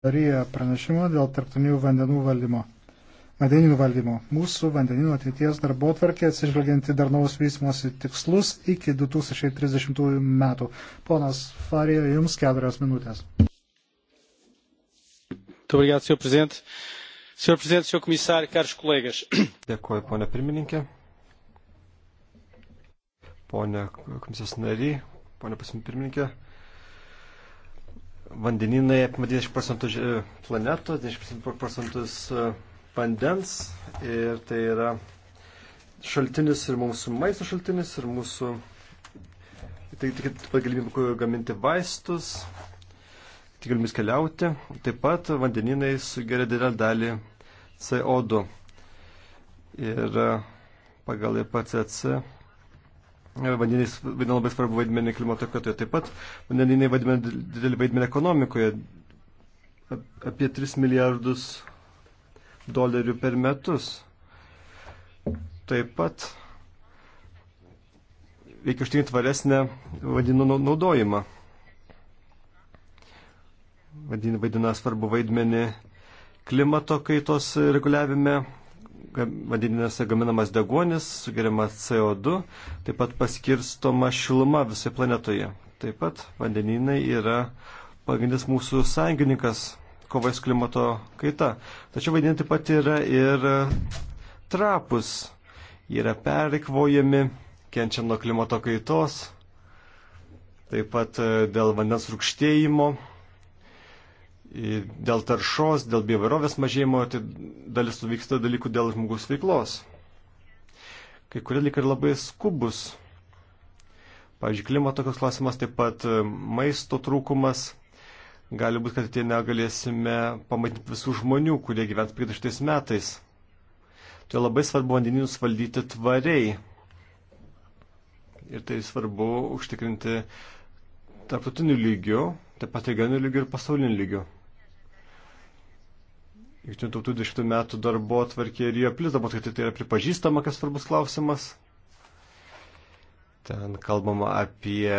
Darija pranešimo dėl tarptautinių vandenų valdymo. Vandeninių valdymo. Mūsų vandeninių ateities darbo tvarkė atsižvelgianti darnaus vystimosi tikslus iki 2030 metų. Ponas Farija, jums keturios minutės. Obrigado, senhor Presidente. Senhor Presidente, senhor Comissário, caros colegas. Dėkuoju, ponia pirmininkė. Ponia komisijos nariai, ponia pasim pirmininkė vandeninai apima 20 procentų e, planetos, 20 procentus e, vandens ir tai yra šaltinis ir mūsų maisto šaltinis ir mūsų tai tik galimybė gaminti vaistus, tik galimybės keliauti. Taip pat vandeninai sugeria didelę dalį CO2. Ir e, pagal IPCC Vandenys vaidina labai svarbu vaidmenį klimato kaitoje. Taip pat vandeniniai vaidina didelį vaidmenį ekonomikoje. Apie 3 milijardus dolerių per metus. Taip pat reikia užtikrinti tvaresnę vandenų naudojimą. Vadin, vaidina svarbu vaidmenį klimato kaitos reguliavime vandeninėse gaminamas deguonis, sugeriama CO2, taip pat paskirstoma šiluma visai planetoje. Taip pat vandeninai yra pagrindinis mūsų sąjungininkas kovai su klimato kaita. Tačiau vandenai taip pat yra ir trapus, yra perikvojami, kenčia nuo klimato kaitos, taip pat e, dėl vandens rūkštėjimo dėl taršos, dėl bioverovės mažėjimo, tai dalis suvyksta dalykų dėl žmogus veiklos. Kai kurie lyg ir labai skubus. Pavyzdžiui, klimato tokios klausimas, taip pat e, maisto trūkumas. Gali būti, kad atėję negalėsime pamatyti visų žmonių, kurie gyvens prieš metais. Tai labai svarbu vandeninus valdyti tvariai. Ir tai svarbu užtikrinti tarptautiniu lygiu, taip pat regioniniu lygiu ir pasauliniu lygiu. Junktinių tautų 20 metų darbo atvarkė ir jo plis darbo atvarkė, tai yra pripažįstama, kas svarbus klausimas. Ten kalbama apie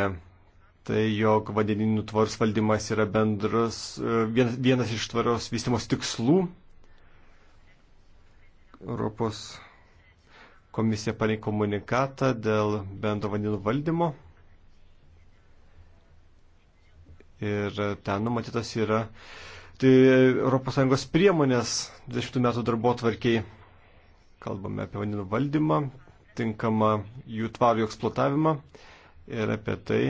tai, jog vandeninių tvaros valdymas yra bendras, e, vienas, vienas iš tvaros vystimos tikslų. Europos komisija parengė komunikatą dėl bendro vandenų valdymo. Ir ten numatytas yra aptarti ES priemonės 20 metų darbo tvarkiai. Kalbame apie vandenų valdymą, tinkamą jų tvarių eksploatavimą ir apie tai,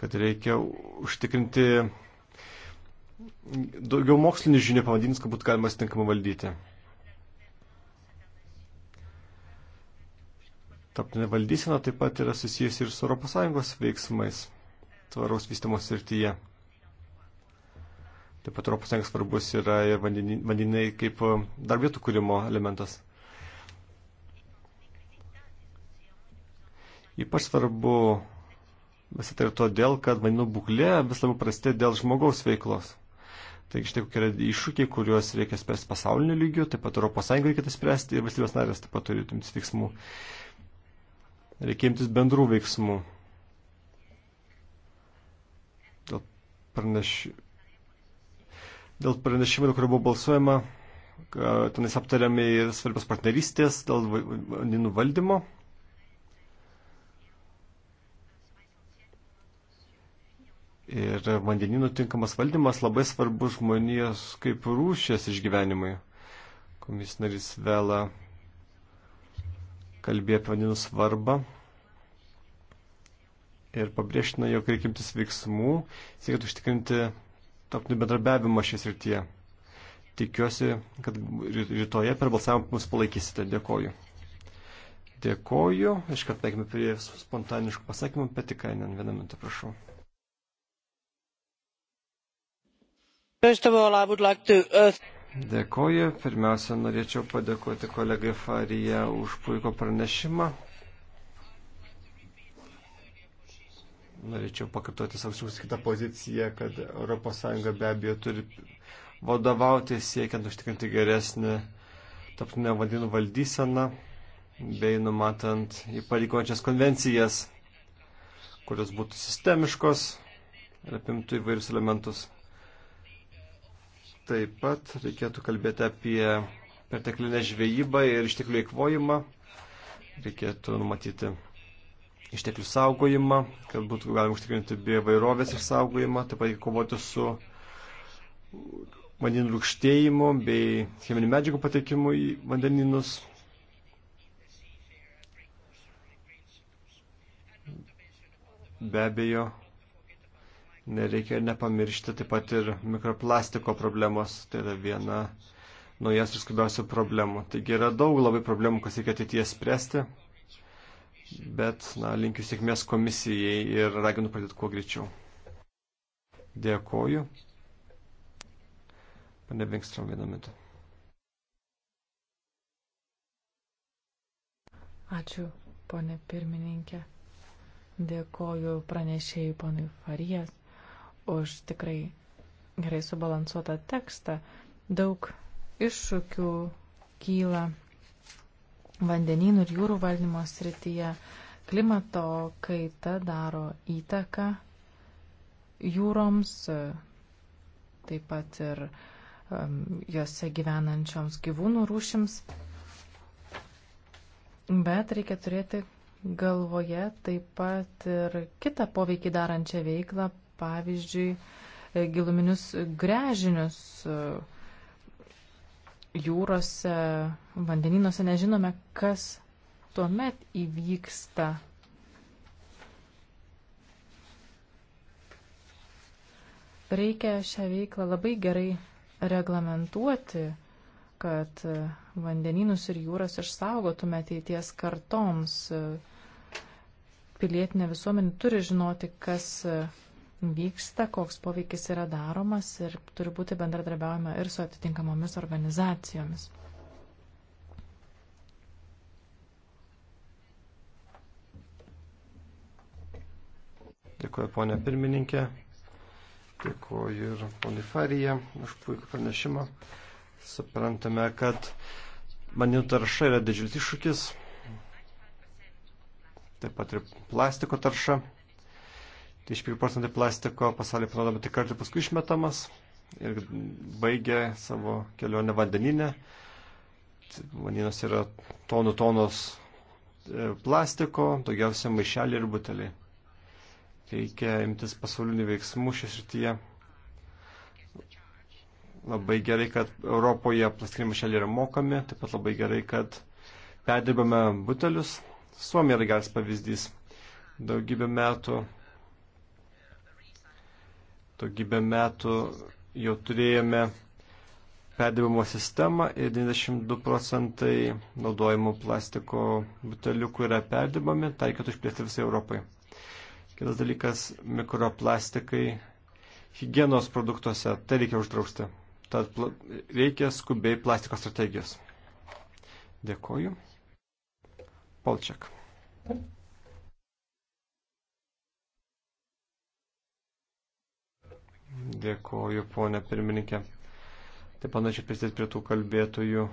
kad reikia užtikrinti daugiau mokslinių žinių pavadinimus, kad būtų galima tinkamai valdyti. Taptinė valdysena taip pat yra susijusi ir su ES veiksmais tvaraus vystimos srityje. Taip pat Europos Sąjungos svarbus yra ir vandeniniai kaip e, darbėtų kūrimo elementas. Ypač svarbu visą tai ir todėl, kad vandenų būklė vis labiau prastė dėl žmogaus veiklos. Taigi štai kokie yra iššūkiai, kuriuos reikia spręsti pasauliniu lygiu, taip pat Europos Sąjungai reikia tai spręsti ir valstybės narės taip pat turi imtis veiksmų. Reikia imtis bendrų veiksmų. Dėl pranešimų Dėl pranešimų, dėl kurio buvo balsuojama, tenais aptariami svarbios partnerystės dėl vandenų valdymo. Ir vandeninų tinkamas valdymas labai svarbus žmonijos kaip rūšės išgyvenimui. Komisnaris Vela kalbėjo apie vandenų svarbą ir pabrėžtino, jog reikia imtis veiksmų, siekiant užtikrinti tarptautinį bendrabiavimą šias rytyje. Tikiuosi, kad rytoje per balsavimą mus palaikysite. Dėkoju. Dėkoju. Iškart taikime prie spontaniškų pasakymų, bet tik kainin vieną minutę, prašau. Dėkoju. Pirmiausia, norėčiau padėkoti kolegai Farija už puiko pranešimą. norėčiau pakartoti savo išsakytą poziciją, kad ES be abejo turi vadovauti siekiant užtikrinti geresnį taptinę vandenų valdyseną bei numatant įpareigojančias konvencijas, kurios būtų sistemiškos ir apimtų įvairius elementus. Taip pat reikėtų kalbėti apie perteklinę žvejybą ir išteklių įkvojimą. Reikėtų numatyti išteklių saugojimą, kad būtų galima užtikrinti biovairovės išsaugojimą, taip pat kovoti su vandenų rūkštėjimu bei cheminių medžiagų patekimu į vandeninus. Be abejo, nereikia nepamiršti taip pat ir mikroplastiko problemos, tai yra viena naujas ir skubiausių problemų. Taigi yra daug labai problemų, kas reikia ateityje spręsti bet na, linkiu sėkmės komisijai ir raginu pradėti kuo greičiau. Dėkoju. Pane Bengstrom vieną minutę. Ačiū, ponė pirmininkė. Dėkoju pranešėjai ponui Farijas už tikrai gerai subalansuotą tekstą. Daug iššūkių kyla vandenynų ir jūrų valdymo srityje. Klimato kaita daro įtaką jūroms, taip pat ir um, jose gyvenančioms gyvūnų rūšims. Bet reikia turėti galvoje taip pat ir kitą poveikį darančią veiklą, pavyzdžiui, giluminius grežinius uh, jūrose, vandeninuose, nežinome, kas tuomet įvyksta. Reikia šią veiklą labai gerai reglamentuoti, kad vandeninus ir jūras išsaugotume ateities kartoms. Pilietinė visuomenė turi žinoti, kas vyksta, koks poveikis yra daromas ir turi būti bendradarbiaujama ir su atitinkamomis organizacijomis. Dėkuoju, ponė pirmininkė. Dėkuoju ir Bonifarija už puikų pranešimą. Suprantame, kad maninų tarša yra didžiulis iššūkis. Taip pat ir plastiko tarša. 25 procentai plastiko pasaulyje panaudojama tik kartą paskui išmetamas ir baigė savo kelionę vandeninę. Vandeninas yra tonų tonos e, plastiko, daugiausia maišeliai ir buteliai. Reikia imtis pasaulinių veiksmų šią srityje. Labai gerai, kad Europoje plastikiniai maišeliai yra mokami, taip pat labai gerai, kad perdirbame butelius. Suomija yra geras pavyzdys. Daugybę metų daugybę metų jau turėjome perdavimo sistemą ir 92 procentai naudojimo plastiko buteliukų yra perdibami, taikėtų išplėsti visai Europai. Kitas dalykas - mikroplastikai hygienos produktuose. Tai reikia uždrausti. Tad reikia skubiai plastiko strategijos. Dėkoju. Polčiak. Thank you. Dėkuoju, ponė pirmininkė. Taip panašiai pristės prie tų kalbėtojų,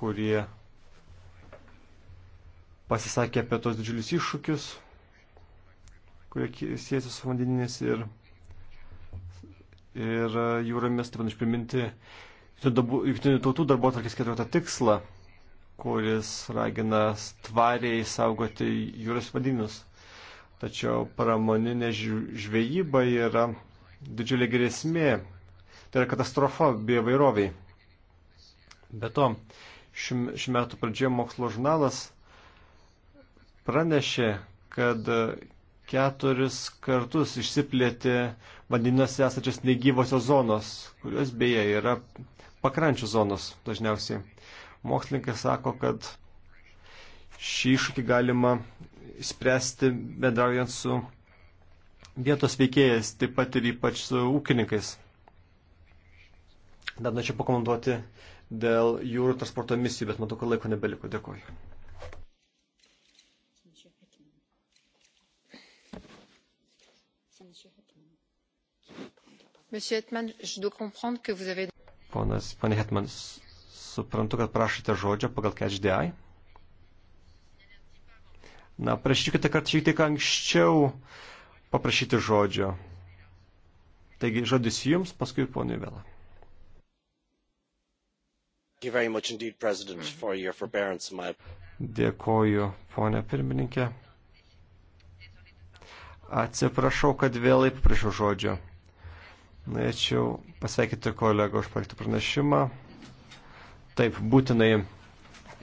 kurie pasisakė apie tos didžiulius iššūkius, kurie siejasi su vandeninės ir, ir jūromis, taip panašiai priminti Junktinių tautų darbo atvarkės ketvirtą tikslą, kuris ragina tvariai saugoti jūros vandenynus. Tačiau pramoninė žvejyba yra didžiulė grėsmė, tai yra katastrofa biovairoviai. Be to, šių metų pradžioje mokslo žurnalas pranešė, kad keturis kartus išsiplėtė vandeninose esančias negyvosios zonos, kurios beje yra pakrančių zonos dažniausiai. Mokslininkai sako, kad šį iššūkį galima spręsti bendraujant su vietos veikėjais, taip pat ir ypač su ūkininkais. Dar norėčiau pakomentuoti dėl jūrų transporto misijų, bet matau, kad laiko nebeliko. Dėkuoju. Monsieur Hetman, je dois comprendre que vous avez... Ponas, ponė Hetman, suprantu, kad prašote žodžio pagal CatchDI. Na, prašykite, kad šiek tiek anksčiau uh, paprašyti žodžio. Taigi žodis jums, paskui ponui Vėlą. Dėkoju, ponė pirmininkė. Atsiprašau, kad vėlai paprašiau žodžio. Norėčiau pasveikinti kolego už paliktą pranešimą. Taip, būtinai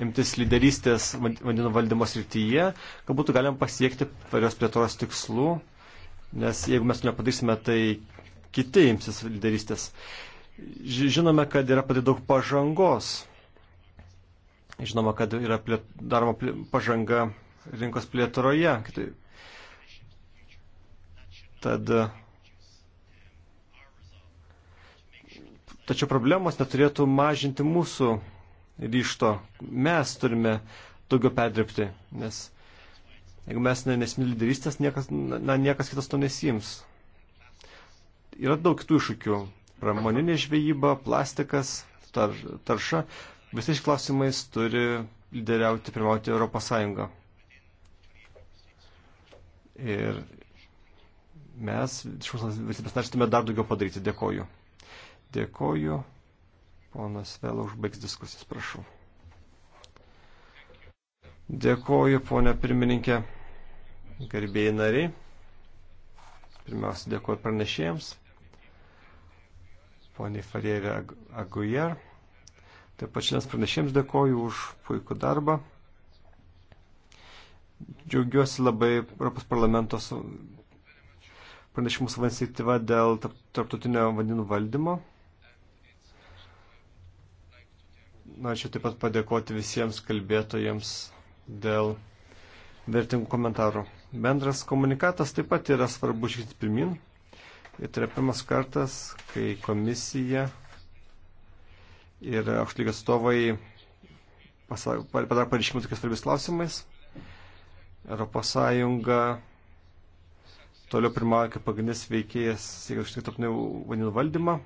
imtis lyderystės vandenų valdymo srityje, kad būtų galima pasiekti tvarios plėtros tikslų nes jeigu mes nepadarysime, tai kiti imsis lyderystės. Žinome, kad yra padaryta daug pažangos. Žinoma, kad yra plėt, daroma plė, pažanga rinkos plėtroje. Tad, tačiau problemos neturėtų mažinti mūsų ryšto. Mes turime daugiau perdirbti, nes Jeigu mes ne, nesimė lyderystės, niekas, na, niekas kitas to nesims. Yra daug kitų iššūkių. Pramoninė žvejyba, plastikas, tar, tarša. Visais klausimais turi lyderiauti, pirmauti Europos Sąjungą. Ir mes, šios valstybės narės, turime dar daugiau padaryti. Dėkoju. Dėkoju. Ponas Vėl užbaigs diskusijas, prašau. Dėkoju, ponia pirmininkė, garbėjai nariai. Pirmiausia, dėkoju pranešėjams, poniai Farėvė Agujer. Taip pat šiandien pranešėjams dėkoju už puikų darbą. Džiaugiuosi labai Europos parlamento pranešimų savo iniciatyva dėl tarptautinio vandenų valdymo. Norėčiau taip pat padėkoti visiems kalbėtojams dėl vertingų komentarų. Bendras komunikatas taip pat yra svarbu žingsnis pirmin. Ir tai yra pirmas kartas, kai komisija ir aukštlygio atstovai padarė pareiškimus tokiais svarbiais klausimais. Europos Sąjunga toliau pirmauja kaip pagrindinis veikėjas siekiant užtikrinti tarptautinį vandenų valdymą.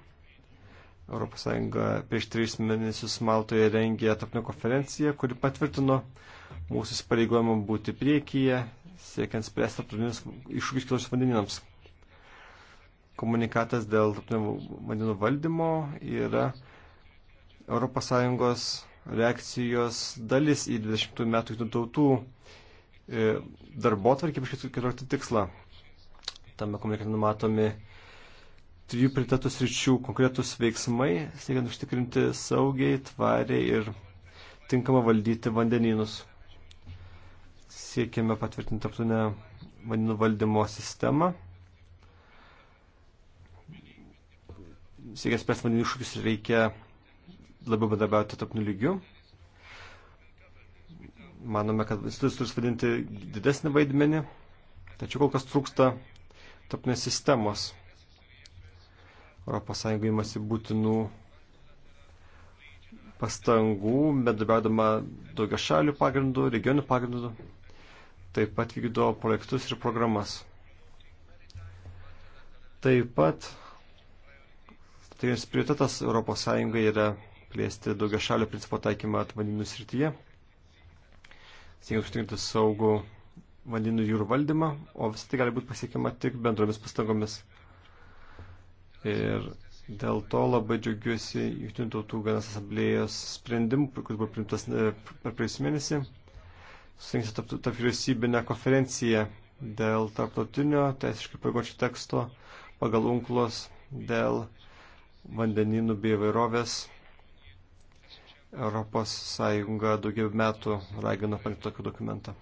ES prieš tris mėnesius Maltoje rengė tarpinę konferenciją, kuri patvirtino mūsų įsipareigojimą būti priekyje, siekiant spręsti tarptautinius iššūkius kilos vandeninams. Komunikatas dėl tarptautinio vandenų valdymo yra ES reakcijos dalis į 20 metų kitų tautų e, darbo tvarkį prieš kitokį tikslą. Tame komunikate numatomi trijų prioritetų sričių konkretus veiksmai, siekiant užtikrinti saugiai, tvariai ir tinkamą valdyti vandenynus. Siekėme patvirtinti tarptautinę vandenų valdymo sistemą. Siekiant spręsti vandenų iššūkius reikia labiau bendarbiauti tarptautiniu lygiu. Manome, kad institucijos turi vadinti didesnį vaidmenį, tačiau kol kas trūksta tarptautinės sistemos ES imasi būtinų pastangų, bendradarbiaudama daugia šalių pagrindų, regionų pagrindų, taip pat vykdo projektus ir programas. Taip pat tai prioritetas ES yra plėsti daugia šalių principo taikymą atvandenų srityje, siekiant užtikrinti saugų vandenų jūrų valdymą, o visą tai gali būti pasiekima tik bendromis pastangomis. Ir dėl to labai džiaugiuosi Junktinių tautų ganas asamblėjos sprendimu, kuris buvo priimtas e, per praėjusį mėnesį. Susirinks tarp vyriausybinę konferenciją dėl tarptautinio teisiškai pagočio teksto pagal unklos dėl vandeninų bei vairovės. Europos Sąjunga daugiau metų ragino parengti tokį dokumentą.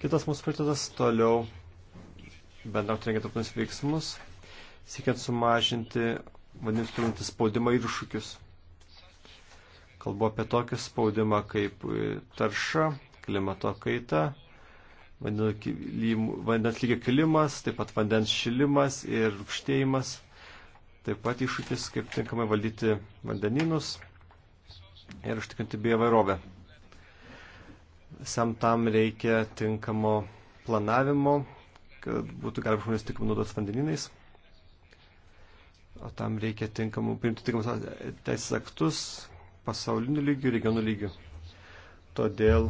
Kitas mūsų prioritetas toliau bendrauti rengiant tarptautinius veiksmus siekiant sumažinti vandens pilnantį spaudimą ir iššūkius. Kalbu apie tokį spaudimą kaip tarša, klimato kaita, vandens lygio kilimas, taip pat vandens šilimas ir rūkštėjimas, taip pat iššūkis, kaip tinkamai valdyti vandeninus ir užtikrinti biovairovę. Sam tam reikia tinkamo planavimo, kad būtų galima žmonės tik naudotis vandeninais. O tam reikia tinkamų, priimti tinkamus teisės aktus pasaulinių lygių, regionų lygių. Todėl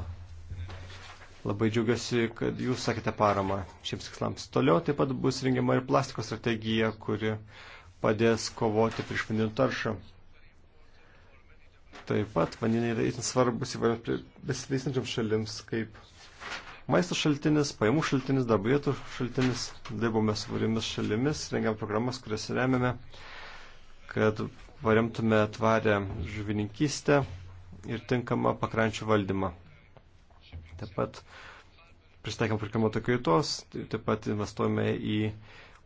labai džiaugiuosi, kad jūs sakėte paramą šiems tikslams. Toliau taip pat bus rengiama ir plastiko strategija, kuri padės kovoti prieš vandenų taršą. Taip pat vandenai yra itin svarbus įvairioms besivystančiams šalims, kaip maisto šaltinis, pajamų šaltinis, darbo vietų šaltinis, dirbome su variomis šalimis, rengiam programas, kurias remiame, kad paremtume tvarę žuvininkystę ir tinkamą pakrančių valdymą. Taip pat pristaikėm prie klimato kaitos, taip pat investuojame į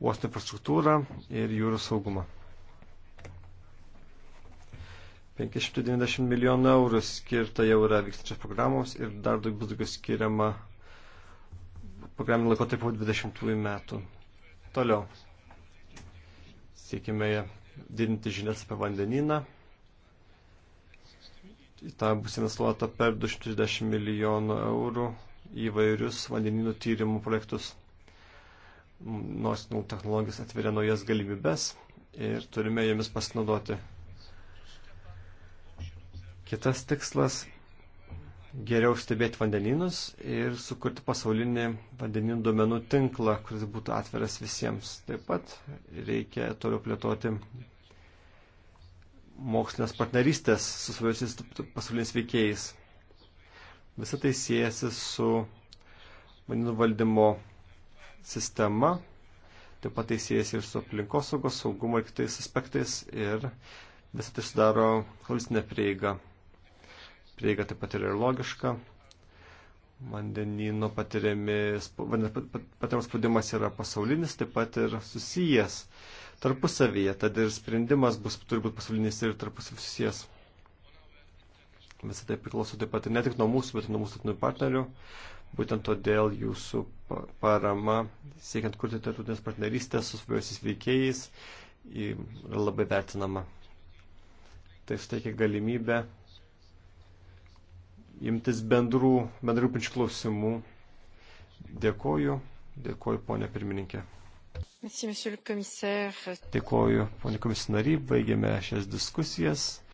uostų infrastruktūrą ir jūrų saugumą. 590 milijonų eurų skirta jau yra vykstančios programos ir dar daug bus daugiau skiriama programinio laikotarpio 20 metų. Toliau. Siekime didinti žinias apie vandenyną. Į tą bus investuota per 230 milijonų eurų įvairius vandenynų tyrimų projektus. Nors nu, technologijas atveria naujas galimybes ir turime jomis pasinaudoti. Kitas tikslas geriau stebėti vandeninus ir sukurti pasaulinį vandeninų duomenų tinklą, kuris būtų atveras visiems. Taip pat reikia toliau plėtoti mokslinės partnerystės su svarbiausiais pasauliniais veikėjais. Visą tai siejasi su vandenų valdymo sistema, taip pat tai siejasi ir su aplinkosaugos, saugumo ir kitais aspektais ir visą tai sudaro holistinę prieigą prieiga taip pat yra ir logiška. Vandenino patiriamas spaudimas yra pasaulinis, taip pat ir susijęs tarpusavyje, tad ir sprendimas bus, turi būti pasaulinis ir tarpusavyje susijęs. Visą tai priklauso taip pat ir ne tik nuo mūsų, bet ir nuo mūsų tarptautinių partnerių. Būtent todėl jūsų parama, siekiant kurti tarptautinės partnerystės su svarbiausiais veikėjais, yra labai vertinama. Tai suteikia galimybę imtis bendrų, bendrų pinčių klausimų. Dėkoju, dėkoju ponė pirmininkė. Dėkoju, ponė komisinariai, baigėme šias diskusijas.